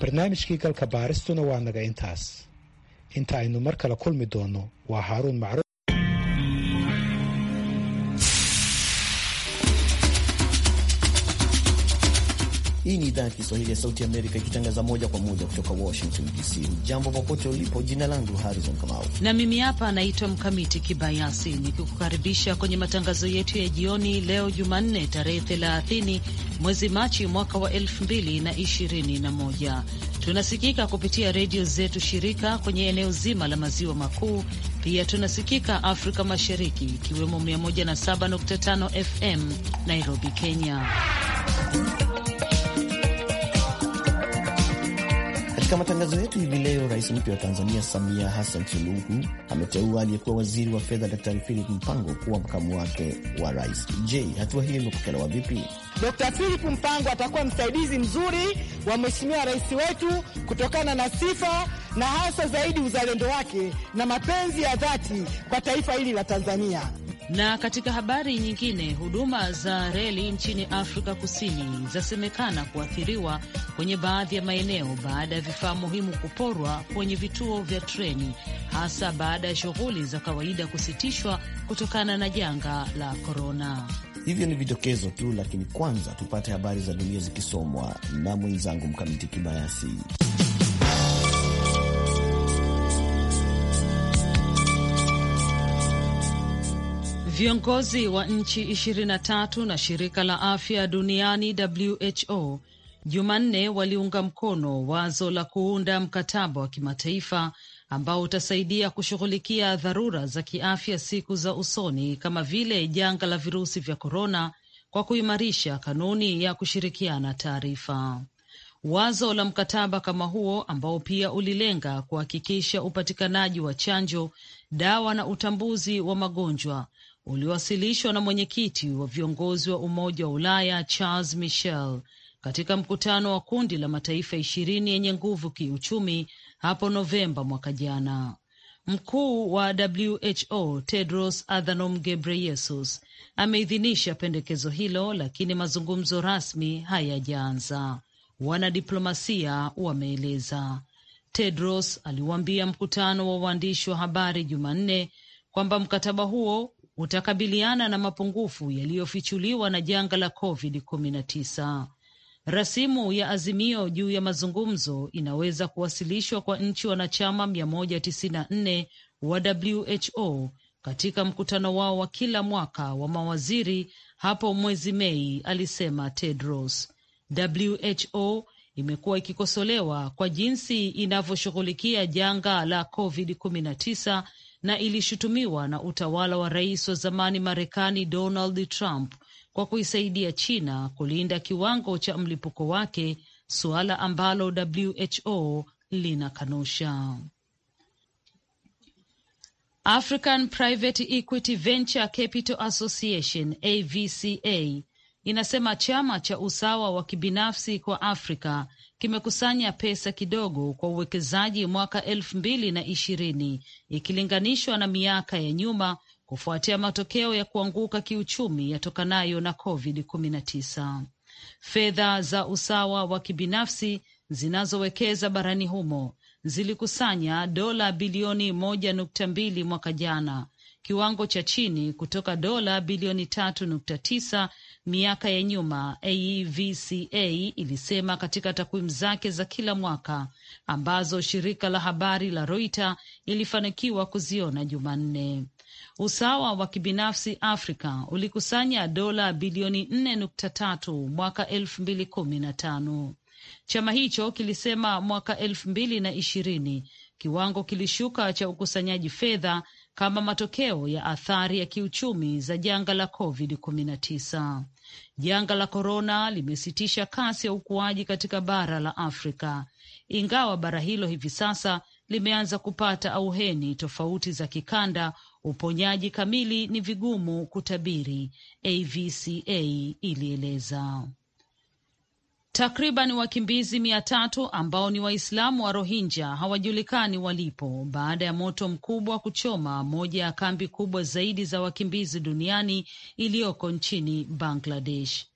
barnaamijkii galka baaristuna waa naga intaas inta aynu mar kale kulmi doono waa haaruun macruuf Hii ni idhaa ya Kiswahili ya Sauti Amerika ikitangaza moja kwa moja kutoka Washington DC. Jambo popote ulipo, jina langu Harrison Kamau na mimi hapa anaitwa Mkamiti Kibayasi nikikukaribisha kwenye matangazo yetu ya jioni leo Jumanne tarehe 30 mwezi Machi mwaka wa 2021. Tunasikika kupitia redio zetu shirika kwenye eneo zima la maziwa makuu. Pia tunasikika Afrika Mashariki, ikiwemo 107.5 FM Nairobi, Kenya. Katika matangazo yetu hivi leo, rais mpya wa Tanzania Samia Hassan Suluhu ameteua aliyekuwa waziri wa fedha Daktari Philip Mpango kuwa makamu wake wa rais. Je, hatua hiyo imepokelewa vipi? d Philip Mpango atakuwa msaidizi mzuri wa mheshimiwa rais wetu kutokana na sifa na hasa zaidi uzalendo wake na mapenzi ya dhati kwa taifa hili la Tanzania. Na katika habari nyingine, huduma za reli nchini Afrika Kusini zasemekana kuathiriwa kwenye baadhi ya maeneo baada ya vifaa muhimu kuporwa kwenye vituo vya treni, hasa baada ya shughuli za kawaida kusitishwa kutokana na janga la korona. Hivyo ni vidokezo tu, lakini kwanza tupate habari za dunia zikisomwa na mwenzangu Mkamiti Kibayasi. Viongozi wa nchi 23 na shirika la afya duniani WHO Jumanne waliunga mkono wazo la kuunda mkataba wa kimataifa ambao utasaidia kushughulikia dharura za kiafya siku za usoni kama vile janga la virusi vya korona kwa kuimarisha kanuni ya kushirikiana taarifa. Wazo la mkataba kama huo ambao pia ulilenga kuhakikisha upatikanaji wa chanjo, dawa na utambuzi wa magonjwa uliowasilishwa na mwenyekiti wa viongozi wa Umoja wa Ulaya Charles Michel katika mkutano wa kundi la mataifa ishirini yenye nguvu kiuchumi hapo Novemba mwaka jana. Mkuu wa WHO Tedros Adhanom Ghebreyesus ameidhinisha pendekezo hilo, lakini mazungumzo rasmi hayajaanza, wanadiplomasia wameeleza. Tedros aliwaambia mkutano wa waandishi wa habari Jumanne kwamba mkataba huo utakabiliana na mapungufu yaliyofichuliwa na janga la COVID-19. Rasimu ya azimio juu ya mazungumzo inaweza kuwasilishwa kwa nchi wanachama 194 wa WHO katika mkutano wao wa kila mwaka wa mawaziri hapo mwezi Mei, alisema Tedros. WHO imekuwa ikikosolewa kwa jinsi inavyoshughulikia janga la COVID-19 na ilishutumiwa na utawala wa rais wa zamani Marekani Donald Trump kwa kuisaidia China kulinda kiwango cha mlipuko wake, suala ambalo WHO linakanusha. African Private Equity Venture Capital Association AVCA inasema chama cha usawa wa kibinafsi kwa Afrika kimekusanya pesa kidogo kwa uwekezaji mwaka elfu mbili na ishirini ikilinganishwa na miaka ya nyuma kufuatia matokeo ya kuanguka kiuchumi yatokanayo na COVID-19. Fedha za usawa wa kibinafsi zinazowekeza barani humo zilikusanya dola bilioni moja nukta mbili mwaka jana kiwango cha chini kutoka dola bilioni tatu nukta tisa miaka ya nyuma, AEVCA ilisema katika takwimu zake za kila mwaka ambazo shirika la habari la Reuters ilifanikiwa kuziona Jumanne. Usawa wa kibinafsi Afrika ulikusanya dola bilioni nne nukta tatu mwaka elfu mbili kumi na tano. Chama hicho kilisema mwaka elfu mbili na ishirini kiwango kilishuka cha ukusanyaji fedha kama matokeo ya athari ya kiuchumi za janga la COVID-19. Janga la korona limesitisha kasi ya ukuaji katika bara la Afrika, ingawa bara hilo hivi sasa limeanza kupata auheni. Tofauti za kikanda, uponyaji kamili ni vigumu kutabiri, AVCA ilieleza. Takriban wakimbizi mia tatu ambao ni Waislamu wa Rohingya hawajulikani walipo baada ya moto mkubwa kuchoma moja ya kambi kubwa zaidi za wakimbizi duniani iliyoko nchini Bangladesh.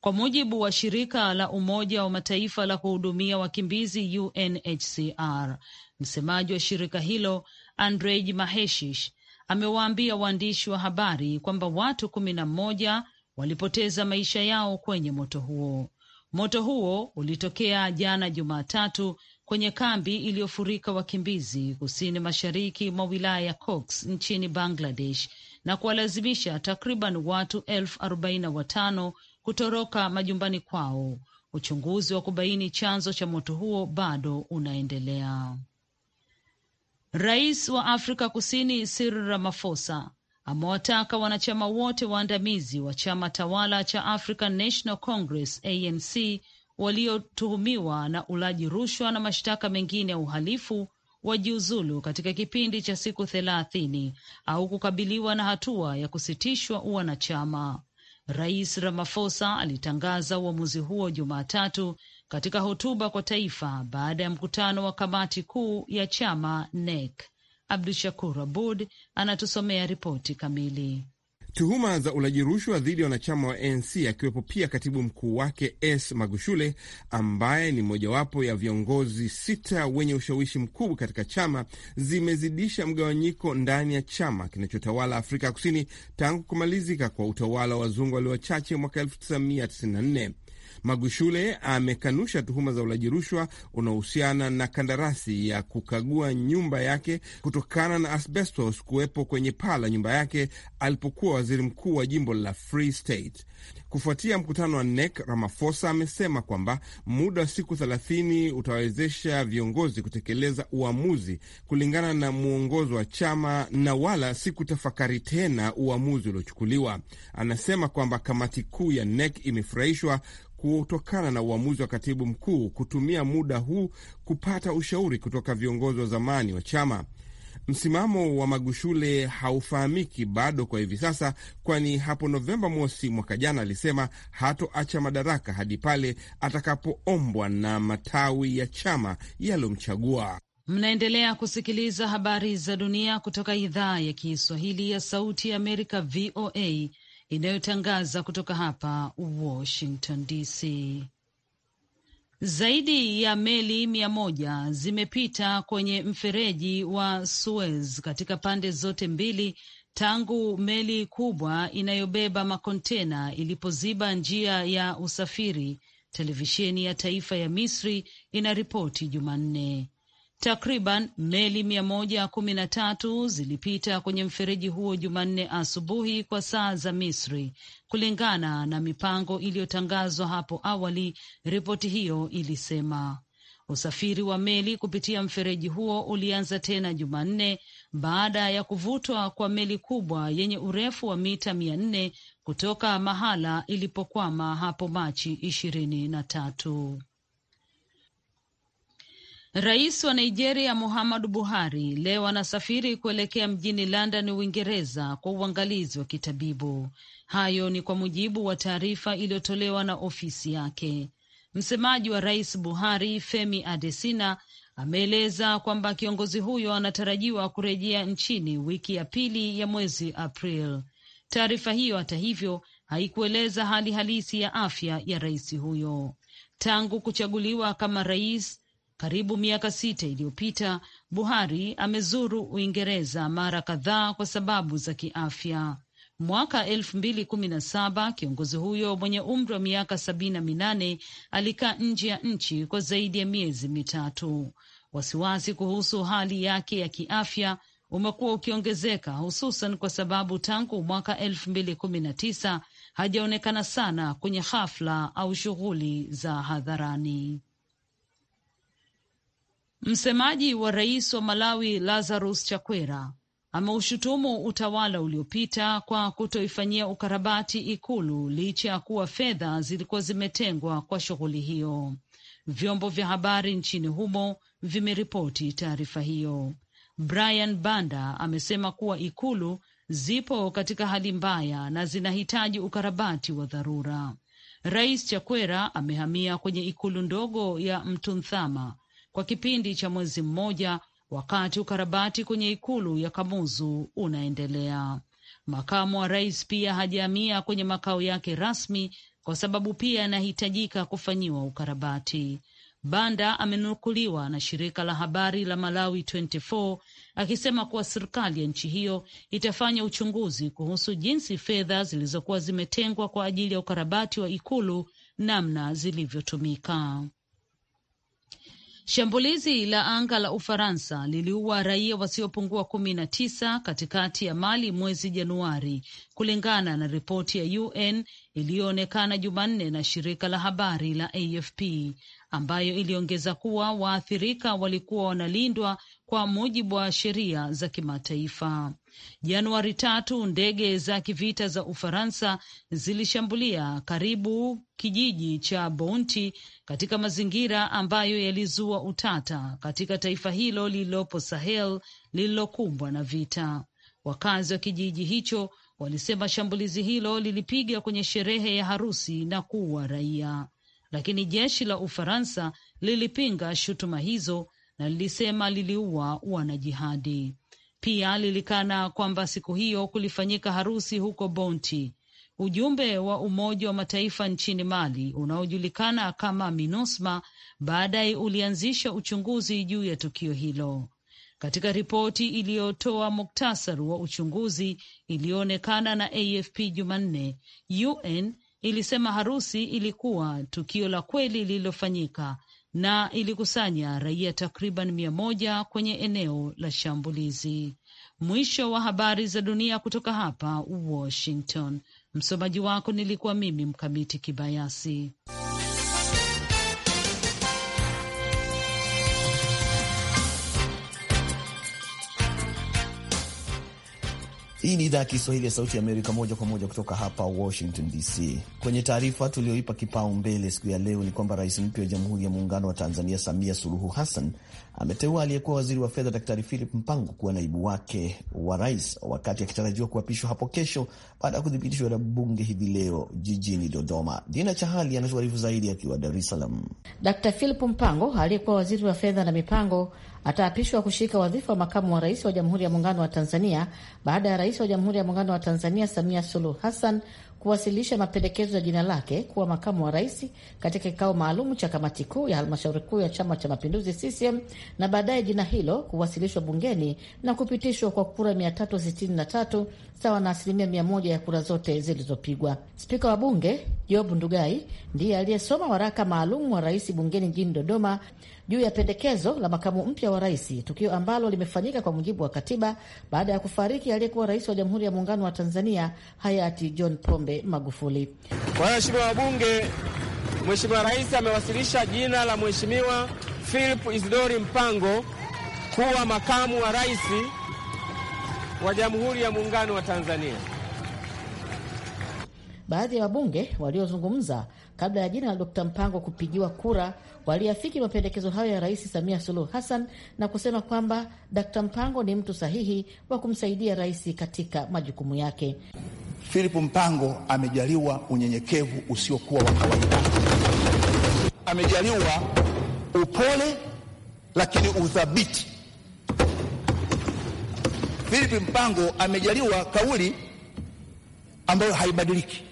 Kwa mujibu wa shirika la Umoja wa Mataifa la kuhudumia wakimbizi UNHCR, msemaji wa shirika hilo Andrej Maheshish amewaambia waandishi wa habari kwamba watu kumi na mmoja walipoteza maisha yao kwenye moto huo. Moto huo ulitokea jana Jumatatu kwenye kambi iliyofurika wakimbizi kusini mashariki mwa wilaya ya Cox nchini Bangladesh na kuwalazimisha takriban watu elfu arobaini na watano kutoroka majumbani kwao. Uchunguzi wa kubaini chanzo cha moto huo bado unaendelea. Rais wa Afrika Kusini Cyril Ramaphosa amewataka wanachama wote waandamizi wa chama tawala cha African National Congress ANC waliotuhumiwa na ulaji rushwa na mashtaka mengine ya uhalifu wajiuzulu katika kipindi cha siku thelathini au kukabiliwa na hatua ya kusitishwa uwanachama. Rais Ramaphosa alitangaza uamuzi huo Jumatatu katika hotuba kwa taifa baada ya mkutano wa kamati kuu ya chama NEC. Abdu Shakur Abud anatusomea ripoti kamili. Tuhuma za ulaji rushwa dhidi ya wanachama wa ANC akiwepo pia katibu mkuu wake S Magushule, ambaye ni mojawapo ya viongozi sita wenye ushawishi mkubwa katika chama, zimezidisha mgawanyiko ndani ya chama kinachotawala Afrika Kusini tangu kumalizika kwa utawala wa wazungu walio wachache mwaka 1994. Magushule amekanusha tuhuma za ulaji rushwa unaohusiana na kandarasi ya kukagua nyumba yake kutokana na asbestos kuwepo kwenye paa la nyumba yake alipokuwa waziri mkuu wa jimbo la Free State. Kufuatia mkutano wa NEC, ramafosa amesema kwamba muda wa siku thelathini utawawezesha viongozi kutekeleza uamuzi kulingana na mwongozo wa chama na wala si kutafakari tena uamuzi uliochukuliwa. Anasema kwamba kamati kuu ya NEC imefurahishwa kutokana na uamuzi wa katibu mkuu kutumia muda huu kupata ushauri kutoka viongozi wa zamani wa chama. Msimamo wa Magushule haufahamiki bado kwa hivi sasa, kwani hapo Novemba mosi mwaka jana alisema hatoacha madaraka hadi pale atakapoombwa na matawi ya chama yaliyomchagua. Mnaendelea kusikiliza habari za dunia kutoka idhaa ya Kiswahili ya Sauti ya Amerika, VOA inayotangaza kutoka hapa Washington DC. Zaidi ya meli mia moja zimepita kwenye mfereji wa Suez katika pande zote mbili tangu meli kubwa inayobeba makontena ilipoziba njia ya usafiri, televisheni ya taifa ya Misri inaripoti Jumanne. Takriban meli mia moja kumi na tatu zilipita kwenye mfereji huo Jumanne asubuhi kwa saa za Misri, kulingana na mipango iliyotangazwa hapo awali. Ripoti hiyo ilisema usafiri wa meli kupitia mfereji huo ulianza tena Jumanne baada ya kuvutwa kwa meli kubwa yenye urefu wa mita mia nne kutoka mahala ilipokwama hapo Machi ishirini na tatu. Rais wa Nigeria Muhammadu Buhari leo anasafiri kuelekea mjini London, Uingereza, kwa uangalizi wa kitabibu. Hayo ni kwa mujibu wa taarifa iliyotolewa na ofisi yake. Msemaji wa rais Buhari, Femi Adesina, ameeleza kwamba kiongozi huyo anatarajiwa kurejea nchini wiki ya pili ya mwezi April. Taarifa hiyo, hata hivyo, haikueleza hali halisi ya afya ya rais huyo tangu kuchaguliwa kama rais. Karibu miaka sita iliyopita, Buhari amezuru Uingereza mara kadhaa kwa sababu za kiafya. Mwaka elfu mbili kumi na saba kiongozi huyo mwenye umri wa miaka sabini na minane alikaa nje ya nchi kwa zaidi ya miezi mitatu. Wasiwasi kuhusu hali yake ya kiafya umekuwa ukiongezeka hususan kwa sababu tangu mwaka elfu mbili kumi na tisa hajaonekana sana kwenye hafla au shughuli za hadharani. Msemaji wa rais wa Malawi Lazarus Chakwera ameushutumu utawala uliopita kwa kutoifanyia ukarabati ikulu licha ya kuwa fedha zilikuwa zimetengwa kwa shughuli hiyo. Vyombo vya habari nchini humo vimeripoti taarifa hiyo. Brian Banda amesema kuwa ikulu zipo katika hali mbaya na zinahitaji ukarabati wa dharura. Rais Chakwera amehamia kwenye ikulu ndogo ya Mtunthama kwa kipindi cha mwezi mmoja wakati ukarabati kwenye ikulu ya Kamuzu unaendelea. Makamu wa rais pia hajaamia kwenye makao yake rasmi kwa sababu pia anahitajika kufanyiwa ukarabati. Banda amenukuliwa na shirika la habari la Malawi 24 akisema kuwa serikali ya nchi hiyo itafanya uchunguzi kuhusu jinsi fedha zilizokuwa zimetengwa kwa ajili ya ukarabati wa ikulu namna zilivyotumika. Shambulizi la anga la Ufaransa liliua raia wasiopungua kumi na tisa katikati ya Mali mwezi Januari, kulingana na ripoti ya UN iliyoonekana Jumanne na shirika la habari la AFP, ambayo iliongeza kuwa waathirika walikuwa wanalindwa kwa mujibu wa sheria za kimataifa. Januari tatu ndege za kivita za Ufaransa zilishambulia karibu kijiji cha Bounti katika mazingira ambayo yalizua utata katika taifa hilo lililopo Sahel lililokumbwa na vita. Wakazi wa kijiji hicho walisema shambulizi hilo lilipiga kwenye sherehe ya harusi na kuua raia, lakini jeshi la Ufaransa lilipinga shutuma hizo na lilisema liliua wanajihadi pia lilikana kwamba siku hiyo kulifanyika harusi huko Bonti. Ujumbe wa Umoja wa Mataifa nchini Mali unaojulikana kama MINUSMA baadaye ulianzisha uchunguzi juu ya tukio hilo. Katika ripoti iliyotoa muktasari wa uchunguzi iliyoonekana na AFP Jumanne, UN ilisema harusi ilikuwa tukio la kweli lililofanyika na ilikusanya raia takriban mia moja kwenye eneo la shambulizi. Mwisho wa habari za dunia kutoka hapa Washington. Msomaji wako nilikuwa mimi Mkamiti Kibayasi. Hii ni idhaa ya Kiswahili ya Sauti ya Amerika, moja kwa moja kutoka hapa Washington DC. Kwenye taarifa tuliyoipa kipaumbele siku ya leo ni kwamba rais mpya wa Jamhuri ya Muungano wa Tanzania, Samia Suluhu Hassan, ameteua aliyekuwa waziri wa fedha Daktari Philip Mpango kuwa naibu wake wa rais, wakati akitarajiwa kuapishwa hapo kesho baada ya kuthibitishwa na bunge hivi leo jijini Dodoma. Dina Chahali anatuarifu zaidi akiwa Dar es Salaam. Daktari Philip Mpango aliyekuwa waziri wa fedha na mipango ataapishwa kushika wadhifa wa makamu wa rais wa Jamhuri ya Muungano wa Tanzania baada ya rais wa Jamhuri ya Muungano wa Tanzania Samia Suluhu Hassan kuwasilisha mapendekezo ya jina lake kuwa makamu wa rais katika kikao maalum cha kamati kuu ya halmashauri kuu ya Chama cha Mapinduzi CCM na baadaye jina hilo kuwasilishwa bungeni na kupitishwa kwa kura 363 sawa na asilimia mia moja ya kura zote zilizopigwa. Spika wa Bunge Job Ndugai ndiye aliyesoma waraka maalum wa rais bungeni jijini Dodoma juu ya pendekezo la makamu mpya wa rais, tukio ambalo limefanyika kwa mujibu wa katiba baada ya kufariki aliyekuwa rais wa Jamhuri ya Muungano wa Tanzania hayati John Pombe Magufuli. Kwa hiyo, waheshimiwa wabunge, Mheshimiwa Rais amewasilisha jina la Mheshimiwa Philip Isidori Mpango kuwa makamu wa rais wa Jamhuri ya Muungano wa Tanzania. Baadhi ya wabunge waliozungumza kabla ya jina la Dkt Mpango kupigiwa kura waliafiki mapendekezo hayo ya Rais Samia Suluhu Hassan na kusema kwamba Dkt Mpango ni mtu sahihi wa kumsaidia rais katika majukumu yake. Philip Mpango amejaliwa unyenyekevu usiokuwa wa kawaida, amejaliwa upole lakini uthabiti. Philip Mpango amejaliwa kauli ambayo haibadiliki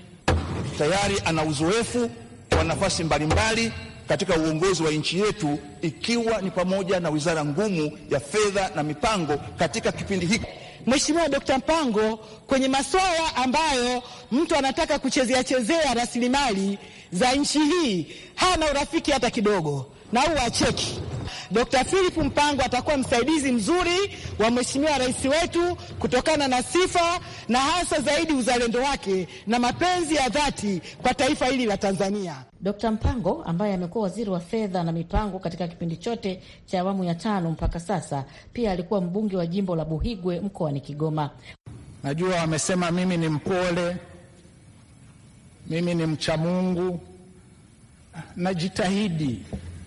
tayari ana uzoefu wa nafasi mbalimbali katika uongozi wa nchi yetu ikiwa ni pamoja na wizara ngumu ya fedha na mipango katika kipindi hiki. Mheshimiwa Dkt. Mpango, kwenye masuala ambayo mtu anataka kuchezea chezea rasilimali za nchi hii hana urafiki hata kidogo, na huu wacheki Dr. Philip Mpango atakuwa msaidizi mzuri wa mheshimiwa rais wetu kutokana na sifa na hasa zaidi uzalendo wake na mapenzi ya dhati kwa taifa hili la Tanzania. Dr. Mpango ambaye amekuwa waziri wa fedha na mipango katika kipindi chote cha awamu ya tano mpaka sasa, pia alikuwa mbunge wa jimbo la Buhigwe mkoani Kigoma. Najua wamesema mimi ni mpole, mimi ni mcha Mungu, najitahidi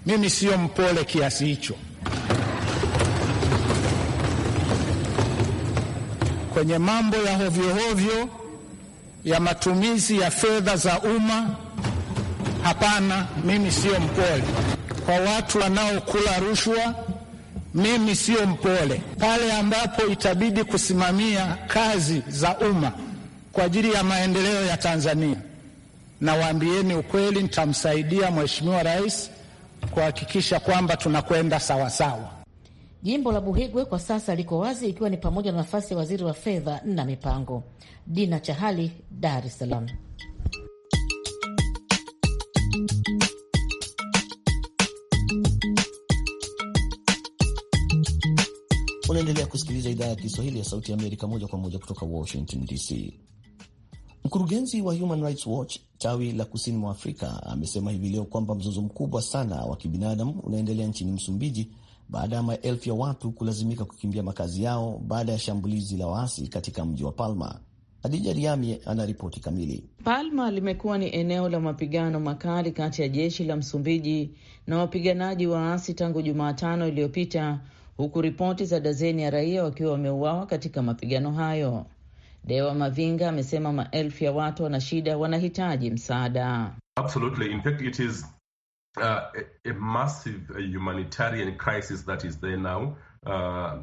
mimi siyo mpole kiasi hicho. Kwenye mambo ya hovyohovyo hovyo, ya matumizi ya fedha za umma, hapana, mimi siyo mpole. Kwa watu wanaokula rushwa, mimi sio mpole. Pale ambapo itabidi kusimamia kazi za umma kwa ajili ya maendeleo ya Tanzania, nawaambieni ukweli, nitamsaidia Mheshimiwa Rais kuhakikisha kwamba tunakwenda sawasawa. Jimbo la Buhigwe kwa sasa liko wazi, ikiwa ni pamoja na nafasi ya waziri wa fedha na mipango. Dina Chahali, Dar es Salaam. Unaendelea kusikiliza idhaa ya Kiswahili ya Sauti ya Amerika moja kwa moja kutoka Washington DC. Mkurugenzi wa Human Rights Watch tawi la kusini mwa Afrika amesema hivi leo kwamba mzozo mkubwa sana wa kibinadamu unaendelea nchini Msumbiji baada ya maelfu ya watu kulazimika kukimbia makazi yao baada ya shambulizi la waasi katika mji wa Palma. Adija Riami anaripoti kamili. Palma limekuwa ni eneo la mapigano makali kati ya jeshi la Msumbiji na wapiganaji waasi tangu Jumatano iliyopita, huku ripoti za dazeni ya raia wakiwa wameuawa katika mapigano hayo. Dewa Mavinga amesema maelfu ya watu wana shida, wanahitaji msaada. Absolutely. In fact, it is Uh, a, a massive humanitarian crisis that is there now. Uh,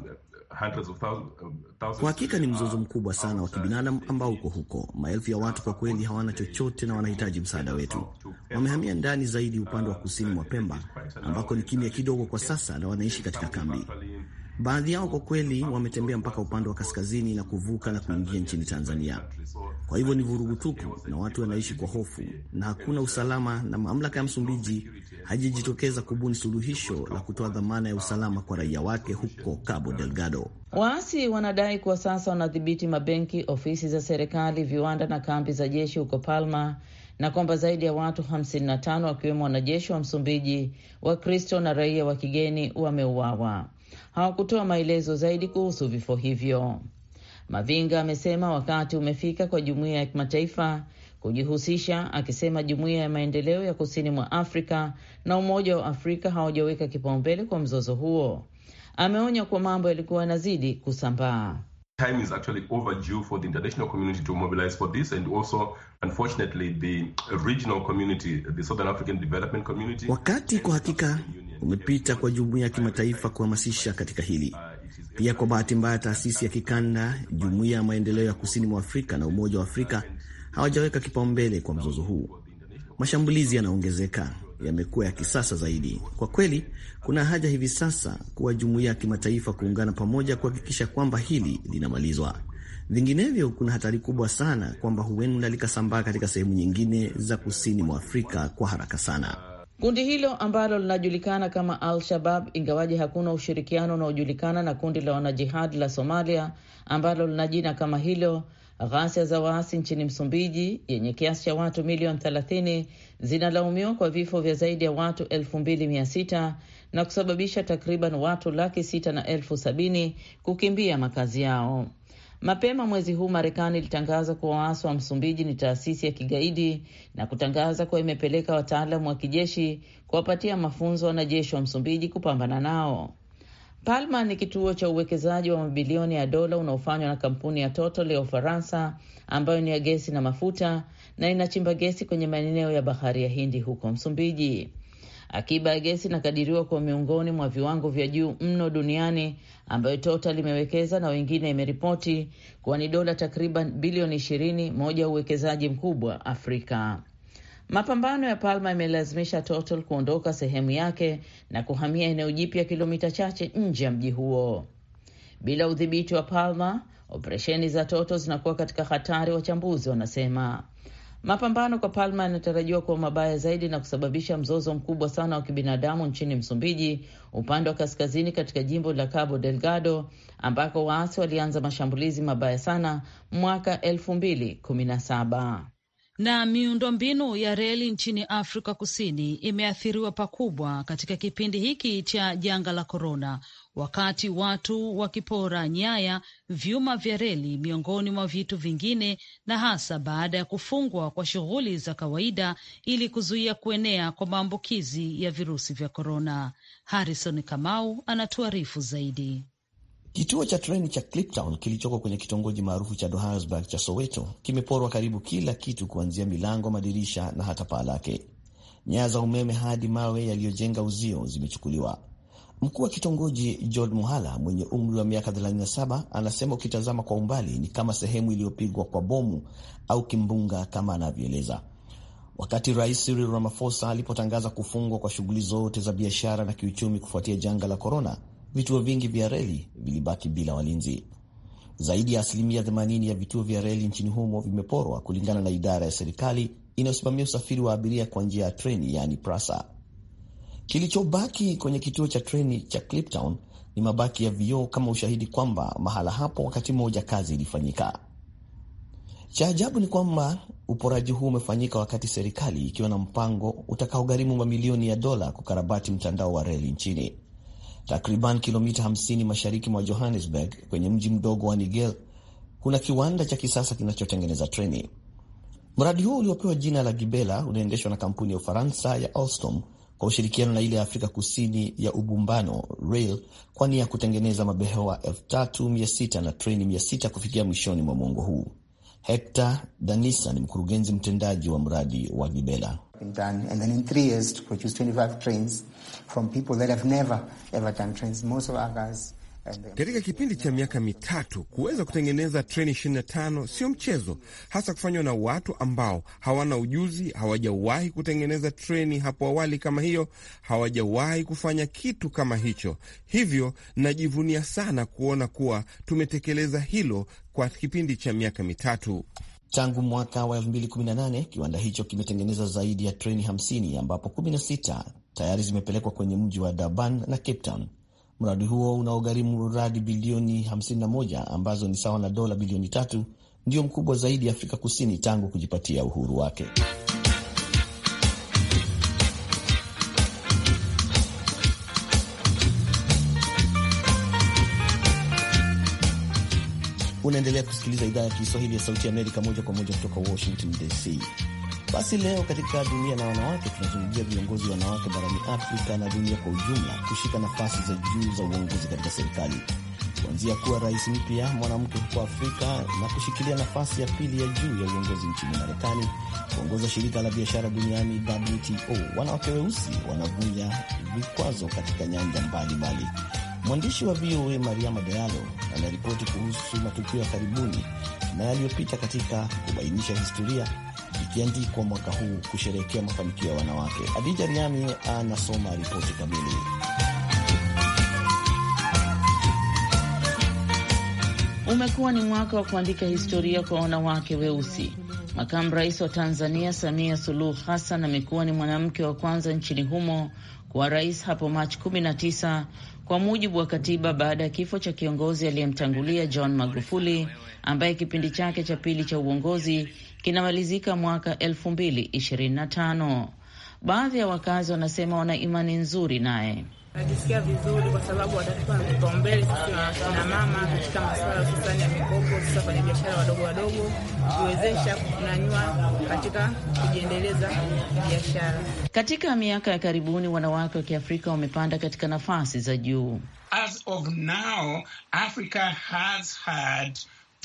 kwa hakika ni mzozo mkubwa sana wa kibinadamu ambao uko huko. Maelfu ya watu kwa kweli hawana chochote na wanahitaji msaada wetu. Wamehamia ndani zaidi upande wa uh, kusini mwa Pemba ambako ni kimya kidogo kwa sasa na wanaishi katika kambi. Baadhi yao kwa kweli wametembea mpaka upande wa kaskazini na kuvuka na kuingia nchini Tanzania. Kwa hivyo ni vurugu tupu, na watu wanaishi kwa hofu na hakuna usalama, na mamlaka ya Msumbiji hajijitokeza kubuni suluhisho la kutoa dhamana ya usalama kwa raia wake huko Cabo Delgado. Waasi wanadai kuwa sasa wanadhibiti mabenki, ofisi za serikali, viwanda na kambi za jeshi huko Palma na kwamba zaidi ya watu 55 wakiwemo wanajeshi wa Msumbiji, Wakristo na raia wa kigeni wameuawa hawakutoa maelezo zaidi kuhusu vifo hivyo. Mavinga amesema wakati umefika kwa jumuiya ya kimataifa kujihusisha, akisema jumuiya ya maendeleo ya kusini mwa Afrika na Umoja wa Afrika hawajaweka kipaumbele kwa mzozo huo. Ameonya kuwa mambo yalikuwa yanazidi kusambaa. Wakati kwa hakika umepita kwa jumuiya ya kimataifa kuhamasisha katika hili. Pia kwa bahati mbaya, taasisi ya kikanda, jumuiya ya maendeleo ya kusini mwa Afrika na Umoja wa Afrika hawajaweka kipaumbele kwa mzozo huu. Mashambulizi yanaongezeka, yamekuwa ya kisasa zaidi. Kwa kweli, kuna haja hivi sasa kuwa jumuiya ya kimataifa kuungana pamoja kuhakikisha kwamba hili linamalizwa. Vinginevyo kuna hatari kubwa sana kwamba huenda likasambaa katika sehemu nyingine za kusini mwa Afrika kwa haraka sana. Kundi hilo ambalo linajulikana kama Al-Shabab, ingawaji hakuna ushirikiano unaojulikana na kundi la wanajihadi la Somalia ambalo lina jina kama hilo, ghasia za waasi nchini Msumbiji yenye kiasi cha watu milioni 30 zinalaumiwa kwa vifo vya zaidi ya watu sita na kusababisha takriban watu laki sita na elfu sabini kukimbia makazi yao. Mapema mwezi huu Marekani ilitangaza kuwa waasi wa Msumbiji ni taasisi ya kigaidi na kutangaza kuwa imepeleka wataalamu wa kijeshi kuwapatia mafunzo wanajeshi wa Msumbiji kupambana nao. Palma ni kituo cha uwekezaji wa mabilioni ya dola unaofanywa na kampuni ya Total ya Ufaransa ambayo ni ya gesi na mafuta na inachimba gesi kwenye maeneo ya bahari ya Hindi huko Msumbiji. Akiba ya gesi inakadiriwa kuwa miongoni mwa viwango vya juu mno duniani ambayo Total imewekeza na wengine imeripoti kuwa ni dola takriban bilioni ishirini, moja ya uwekezaji mkubwa Afrika. Mapambano ya Palma yamelazimisha Total kuondoka sehemu yake na kuhamia eneo jipya kilomita chache nje ya mji huo. Bila udhibiti wa Palma, operesheni za Total zinakuwa katika hatari, wachambuzi wanasema. Mapambano kwa Palma yanatarajiwa kuwa mabaya zaidi na kusababisha mzozo mkubwa sana wa kibinadamu nchini Msumbiji, upande wa kaskazini, katika jimbo la Cabo Delgado ambako waasi walianza mashambulizi mabaya sana mwaka elfu mbili kumi na saba. Na miundombinu ya reli nchini Afrika Kusini imeathiriwa pakubwa katika kipindi hiki cha janga la korona, wakati watu wakipora nyaya, vyuma vya reli, miongoni mwa vitu vingine, na hasa baada ya kufungwa kwa shughuli za kawaida ili kuzuia kuenea kwa maambukizi ya virusi vya korona. Harrison Kamau anatuarifu zaidi. Kituo cha treni cha Cliptown kilichoko kwenye kitongoji maarufu cha Johannesburg cha Soweto kimeporwa karibu kila kitu, kuanzia milango, madirisha na hata paa lake. Nyaya za umeme hadi mawe yaliyojenga uzio zimechukuliwa. Mkuu wa kitongoji George Muhala mwenye umri wa miaka 37 anasema ukitazama kwa umbali ni kama sehemu iliyopigwa kwa bomu au kimbunga, kama anavyoeleza. Wakati Rais Cyril Ramaphosa alipotangaza kufungwa kwa shughuli zote za biashara na kiuchumi kufuatia janga la korona, vituo vingi vya reli vilibaki bila walinzi. Zaidi ya asilimia 80 ya vituo vya reli nchini humo vimeporwa, kulingana na idara ya serikali inayosimamia usafiri wa abiria kwa njia ya treni, yaani PRASA. Kilichobaki kwenye kituo cha treni cha Cliptown ni mabaki ya vioo kama ushahidi kwamba mahala hapo wakati mmoja kazi ilifanyika. Cha ajabu ni kwamba uporaji huu umefanyika wakati serikali ikiwa na mpango utakaogharimu mamilioni ya dola kukarabati mtandao wa reli nchini takriban kilomita 50 mashariki mwa Johannesburg, kwenye mji mdogo wa Nigel, kuna kiwanda cha kisasa kinachotengeneza treni. Mradi huo uliopewa jina la Gibela unaendeshwa na kampuni ya Ufaransa ya Alstom kwa ushirikiano na ile ya Afrika Kusini ya Ubumbano Rail kwa nia ya kutengeneza mabehewa 3600 na treni 600 kufikia mwishoni mwa mwongo huu. Hector Danisa ni mkurugenzi mtendaji wa mradi wa Gibela. Katika kipindi cha miaka mitatu kuweza kutengeneza treni 25 sio mchezo, hasa kufanywa na watu ambao hawana ujuzi, hawajawahi kutengeneza treni hapo awali kama hiyo, hawajawahi kufanya kitu kama hicho. Hivyo najivunia sana kuona kuwa tumetekeleza hilo kwa kipindi cha miaka mitatu. Tangu mwaka wa 2018 kiwanda hicho kimetengeneza zaidi ya treni 50 ambapo 16 tayari zimepelekwa kwenye mji wa Durban na Cape Town. Mradi huo unaogharimu radi bilioni 51 ambazo ni sawa na dola bilioni tatu ndio mkubwa zaidi Afrika Kusini tangu kujipatia uhuru wake. Unaendelea kusikiliza idhaa ya Kiswahili ya Sauti ya Amerika moja kwa moja kutoka Washington DC. Basi leo katika dunia na wanawake, tunazungumzia viongozi wanawake barani Afrika na dunia kwa ujumla kushika nafasi za juu za uongozi katika serikali, kuanzia kuwa rais mpya mwanamke huko Afrika na kushikilia nafasi ya pili ya juu ya uongozi nchini Marekani, kuongoza shirika la biashara duniani WTO. Wanawake weusi wanavunja vikwazo katika nyanja mbalimbali. Mwandishi wa VOA Mariama Dayalo anaripoti kuhusu matukio ya karibuni na yaliyopita katika kubainisha historia ikiandikwa mwaka huu kusherehekea mafanikio ya wanawake. Adija Riami anasoma ripoti kamili. Umekuwa ni mwaka wa kuandika historia kwa wanawake weusi. Makamu rais wa Tanzania Samia Suluhu Hassan amekuwa ni mwanamke wa kwanza nchini humo kuwa rais hapo Machi 19 kwa mujibu wa katiba, baada ya kifo cha kiongozi aliyemtangulia John Magufuli ambaye kipindi chake cha pili cha uongozi kinamalizika mwaka 2025. Baadhi ya wakazi wanasema wana imani nzuri naye. Najisikia vizuri kwa sababu watatupa kipaumbele sisi wakina mama katika masuala hususani ya mikopo, sasa kwenye biashara wadogo wadogo, kuwezesha kunanyua katika kujiendeleza biashara. Katika miaka ya karibuni wanawake wa Kiafrika wamepanda katika nafasi za juu. As of now, Africa has had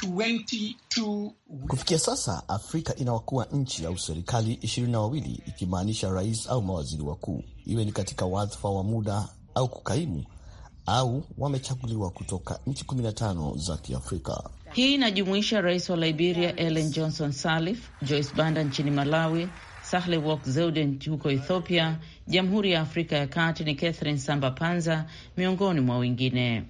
22... Kufikia sasa Afrika inawakuwa nchi au serikali ishirini na wawili ikimaanisha rais au mawaziri wakuu, iwe ni katika wadhifa wa muda au kukaimu au wamechaguliwa kutoka nchi 15 za Kiafrika. Hii inajumuisha rais wa Liberia Ellen Johnson Sirleaf, Joyce Banda nchini Malawi, Sahle Work Zewde huko Ethiopia, Jamhuri ya Afrika ya Kati ni Catherine Samba Panza miongoni mwa wengine.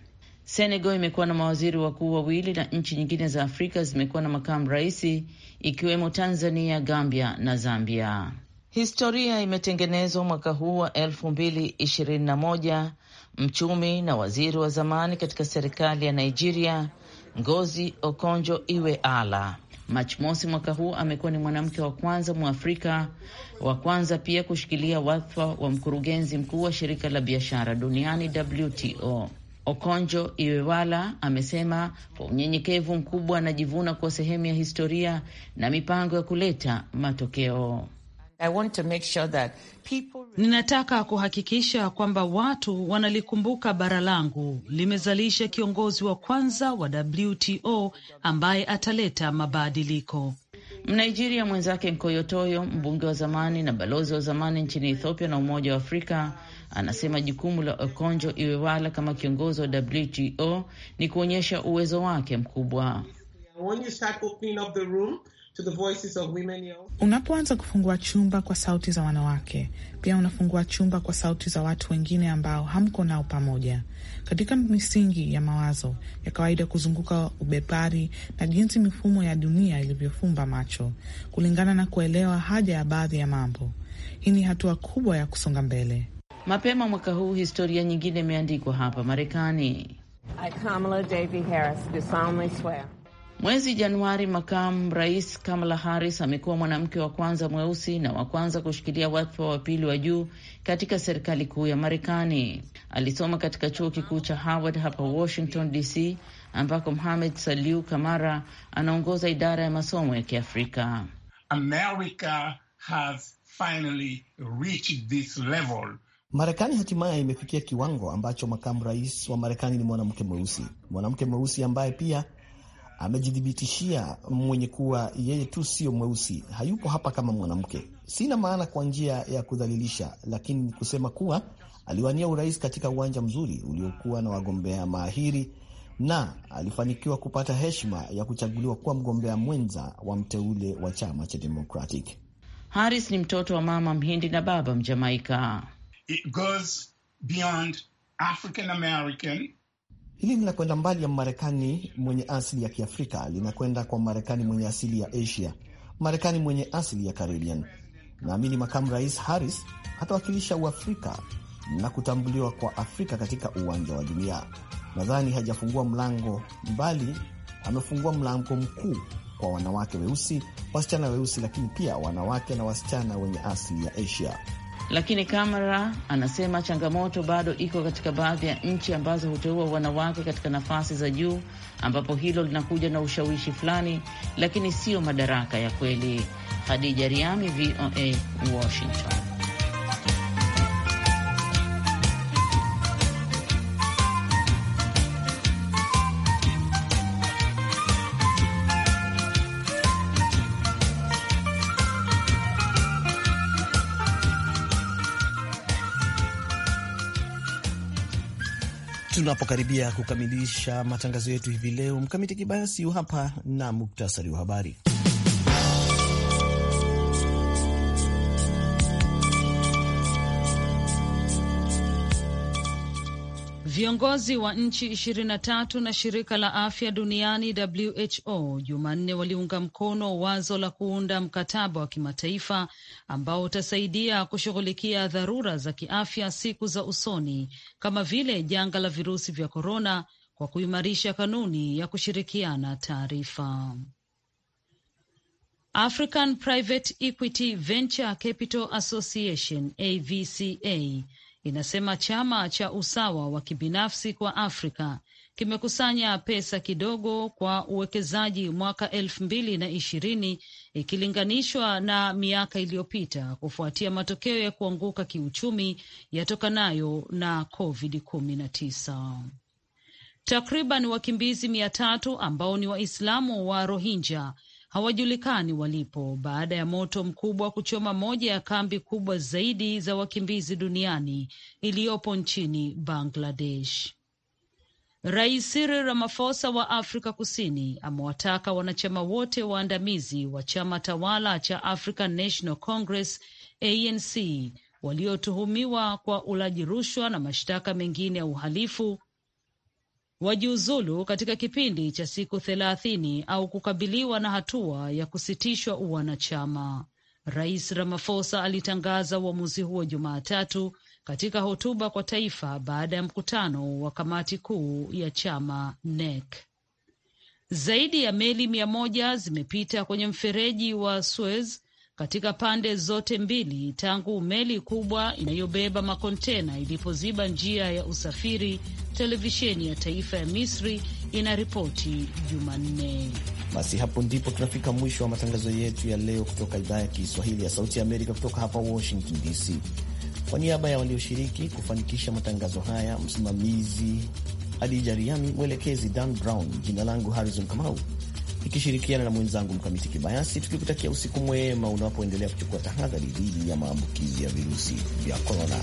Senegal imekuwa na mawaziri wakuu wawili na nchi nyingine za Afrika zimekuwa na makamu raisi ikiwemo Tanzania, Gambia na Zambia. Historia imetengenezwa mwaka huu wa elfu mbili ishirini na moja. Mchumi na waziri wa zamani katika serikali ya Nigeria, Ngozi Okonjo Iweala, Machi mosi mwaka huu amekuwa ni mwanamke wa kwanza Mwafrika wa kwanza pia kushikilia wadhifa wa mkurugenzi mkuu wa shirika la biashara duniani WTO. Okonjo Iweala amesema kwa unyenyekevu mkubwa anajivuna kuwa sehemu ya historia na mipango ya kuleta matokeo. I want to make sure that people... Ninataka kuhakikisha kwamba watu wanalikumbuka bara langu limezalisha kiongozi wa kwanza wa WTO ambaye ataleta mabadiliko. Mnigeria mwenzake Nkoyotoyo, mbunge wa zamani na balozi wa zamani nchini Ethiopia na Umoja wa Afrika Anasema jukumu la Okonjo Iweala kama kiongozi wa WTO ni kuonyesha uwezo wake mkubwa. Unapoanza kufungua chumba kwa sauti za wanawake, pia unafungua chumba kwa sauti za watu wengine ambao hamko nao pamoja katika misingi ya mawazo ya kawaida kuzunguka ubepari na jinsi mifumo ya dunia ilivyofumba macho kulingana na kuelewa haja ya baadhi ya mambo. Hii ni hatua kubwa ya kusonga mbele. Mapema mwaka huu historia nyingine imeandikwa hapa Marekani. Mwezi Januari, makamu rais Kamala Harris amekuwa mwanamke wa kwanza mweusi na wa kwanza kushikilia wadhifa wa pili wa juu katika serikali kuu ya Marekani. Alisoma katika chuo kikuu cha Howard hapa Washington DC, ambako Mohamed Saliu Kamara anaongoza idara ya masomo ya Kiafrika. America has finally reached this level Marekani hatimaye imefikia kiwango ambacho makamu rais wa Marekani ni mwanamke mweusi, mwanamke mweusi ambaye pia amejithibitishia mwenye kuwa yeye tu sio mweusi, hayupo hapa kama mwanamke. Sina maana kwa njia ya kudhalilisha, lakini ni kusema kuwa aliwania urais katika uwanja mzuri uliokuwa na wagombea mahiri na alifanikiwa kupata heshima ya kuchaguliwa kuwa mgombea mwenza wa mteule wa chama cha Democratic. Harris ni mtoto wa mama mhindi na baba Mjamaika. It goes beyond African American. Hili linakwenda mbali ya Marekani mwenye asili ya Kiafrika, linakwenda kwa Marekani mwenye asili ya Asia, Marekani mwenye asili ya Caribbean. Naamini makamu rais Harris atawakilisha Uafrika na kutambuliwa kwa Afrika katika uwanja wa dunia. Nadhani hajafungua mlango, mbali amefungua mlango mkuu kwa wanawake weusi, wasichana weusi, lakini pia wanawake na wasichana wenye asili ya Asia. Lakini Kamara anasema changamoto bado iko katika baadhi ya nchi ambazo huteua wanawake katika nafasi za juu, ambapo hilo linakuja na ushawishi fulani, lakini siyo madaraka ya kweli. Hadija Riami, VOA, Washington. tunapokaribia kukamilisha matangazo yetu hivi leo. Mkamiti Kibayasi hapa na muktasari wa habari. Viongozi wa nchi ishirini na tatu na shirika la afya duniani WHO Jumanne waliunga mkono wazo la kuunda mkataba wa kimataifa ambao utasaidia kushughulikia dharura za kiafya siku za usoni kama vile janga la virusi vya korona kwa kuimarisha kanuni ya kushirikiana taarifa. African Private Equity Venture Capital Association AVCA inasema chama cha usawa wa kibinafsi kwa Afrika kimekusanya pesa kidogo kwa uwekezaji mwaka elfu mbili na ishirini ikilinganishwa na miaka iliyopita kufuatia matokeo ya kuanguka kiuchumi yatokanayo na COVID-19. Takriban wakimbizi mia tatu ambao ni Waislamu wa Rohingya hawajulikani walipo baada ya moto mkubwa kuchoma moja ya kambi kubwa zaidi za wakimbizi duniani iliyopo nchini Bangladesh. Rais Cyril Ramaphosa wa Afrika Kusini amewataka wanachama wote waandamizi wa chama tawala cha African National Congress ANC waliotuhumiwa kwa ulaji rushwa na mashtaka mengine ya uhalifu wajiuzulu katika kipindi cha siku thelathini au kukabiliwa na hatua ya kusitishwa uwanachama. Rais Ramaphosa alitangaza uamuzi huo Jumatatu katika hotuba kwa taifa baada ya mkutano wa kamati kuu ya chama NEC. Zaidi ya meli mia moja zimepita kwenye mfereji wa Suez katika pande zote mbili tangu meli kubwa inayobeba makontena ilipoziba njia ya usafiri, televisheni ya taifa ya Misri inaripoti Jumanne. Basi hapo ndipo tunafika mwisho wa matangazo yetu ya leo kutoka idhaa ya Kiswahili ya Sauti ya Amerika, kutoka hapa Washington DC. Kwa niaba ya walioshiriki kufanikisha matangazo haya, msimamizi Adija Riami, mwelekezi Dan Brown, jina langu Harrison Kamau nikishirikiana na mwenzangu Mkamiti Kibayasi, tukikutakia usiku mwema unapoendelea kuchukua tahadhari dhidi ya maambukizi ya virusi vya korona.